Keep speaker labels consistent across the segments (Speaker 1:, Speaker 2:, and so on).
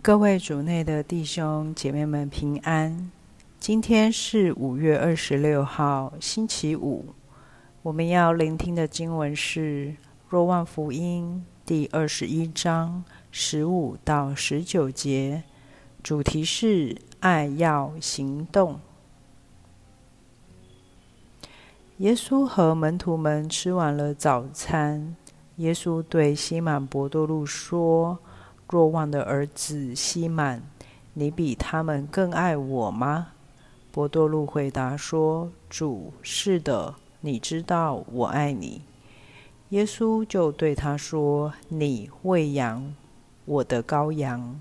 Speaker 1: 各位主內的弟兄姐妹們平安！今天是五月二十六號，星期五。我們要聆聽的經文是《若望福音》第二十一章十五到十九節，主題是“愛要行動”。耶穌和門徒們吃完了早餐，耶穌對西滿伯多祿說。若望的兒子西滿，你比他們更愛我嗎？伯多祿回答說：“主，是的，你知道我愛你。”耶穌就對他說：“你餵養我的羔羊。”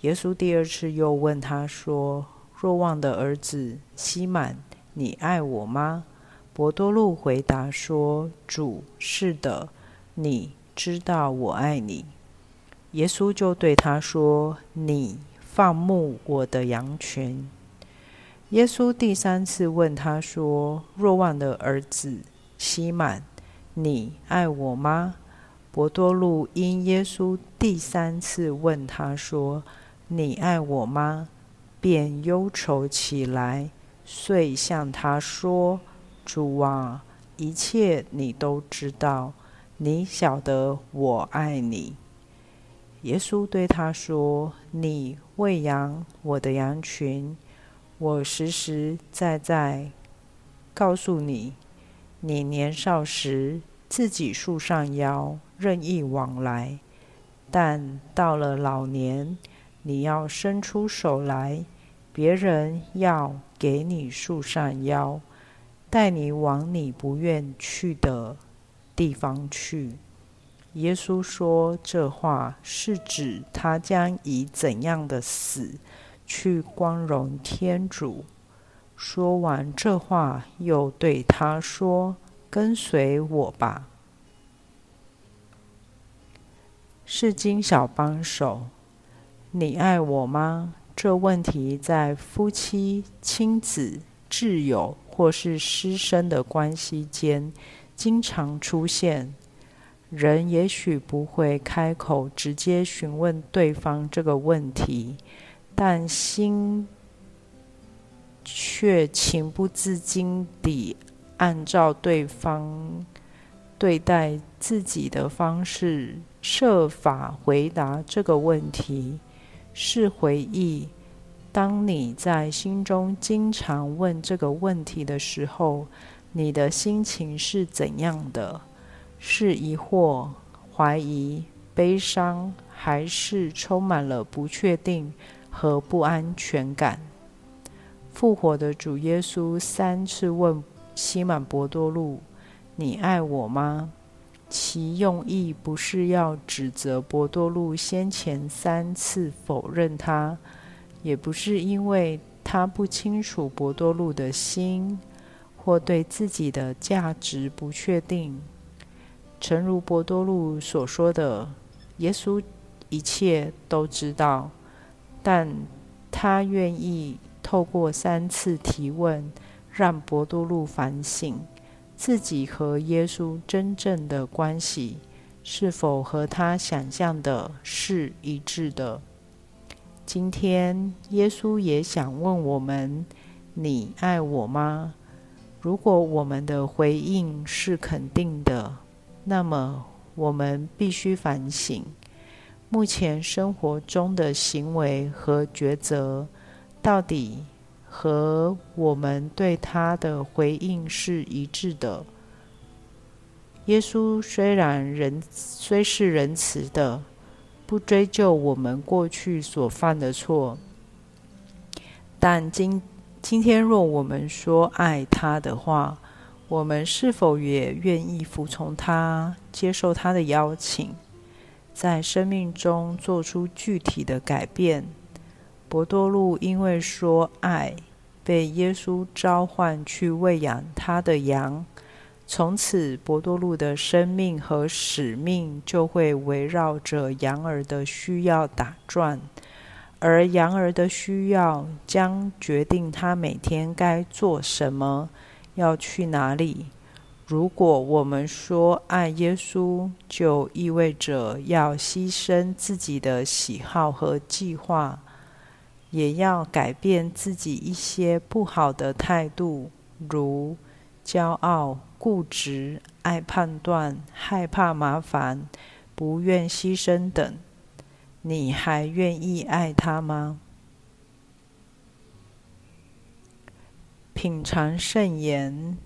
Speaker 1: 耶穌第二次又問他說：“若望的兒子西滿，你愛我嗎？”伯多祿回答說：“主，是的，你知道我愛你。”耶穌就對他說：“你放牧我的羊群。”耶穌第三次問他說：“若望的兒子西滿，你愛我嗎？”伯多祿因耶穌第三次問他說：“你愛我嗎？”便憂愁起來，遂向他說：“主啊，一切你都知道，你曉得我愛你。”耶穌對他說：“你餵養我的羊群，我實實在在告訴你，你年少時自己束上腰，任意往來；但到了老年，你要伸出手來，別人要給你束上腰，帶你往你不願去的地方去。”耶穌說這話是指他將以怎樣的死，去光榮天主。說完這話，又對他說：“跟隨我吧。”聖經小幫手，你愛我嗎？這問題在夫妻、親子、摯友或是師生的關係間，經常出現。人也許不會開口直接詢問對方這個問題，但心卻情不自禁地按照對方對待自己的方式設法回答這個問題。是回憶，當你在心中經常問這個問題的時候，你的心情是怎樣的？是疑惑、懷疑、悲傷，還是充滿了不確定和不安全感？復活的主耶穌三次問西滿伯多祿：“你愛我嗎？”其用意不是要指責伯多祿先前三次否認他，也不是因為他不清楚伯多祿的心，或對自己的價值不確定。誠如伯多祿所說的，耶穌一切都知道，但他願意透過三次提問，讓伯多祿反省自己和耶穌真正的關係是否和他想象的是一致的。今天，耶穌也想問我們：“你愛我嗎？”如果我們的回應是肯定的，那麼我們必須反省，目前生活中的行為和抉擇，到底和我們對他的回應是一致的。耶穌雖然仁，雖是仁慈的，不追究我們過去所犯的錯，但今今天若我們說愛他的話。我們是否也願意服從他，接受他的邀請，在生命中做出具體的改變？伯多祿因為說愛，被耶穌召喚去餵養他的羊。從此，伯多祿的生命和使命就會圍繞着羊兒的需要打轉，而羊兒的需要將決定他每天該做什麼。要去哪裡？如果我們說愛耶穌，就意味着要犧牲自己的喜好和計劃，也要改變自己一些不好的態度，如驕傲、固執、愛判斷、害怕麻煩、不願犧牲等。你還願意愛他嗎？品嘗聖言，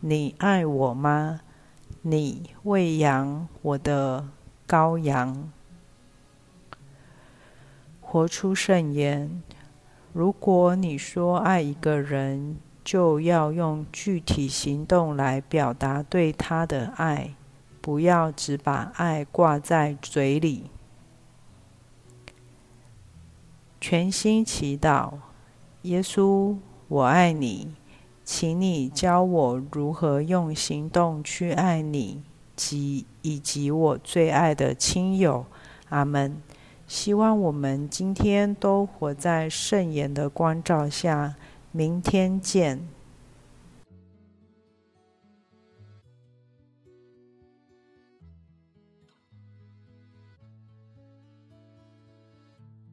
Speaker 1: 你愛我嗎？你餵養我的羔羊，活出聖言。如果你說愛一個人，就要用具體行動來表達對他的愛，不要只把愛掛在嘴裡。全心祈禱，耶穌。我愛你，請你教我如何用行動去愛你及以及我最愛的親友。阿們。希望我們今天都活在聖言的光照下。明天見。